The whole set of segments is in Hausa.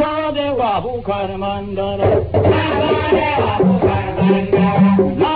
Mahadeva Bhukhar Mandala. Mahadeva Bhukhar Mandala.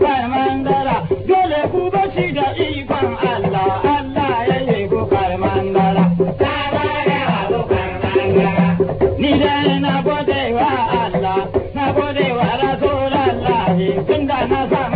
kai mandara dole ku bashi da ikon Allah Allah ya yi ku kai mandara ni dai na gode wa Allah na gode wa Rasulullah tunda na sa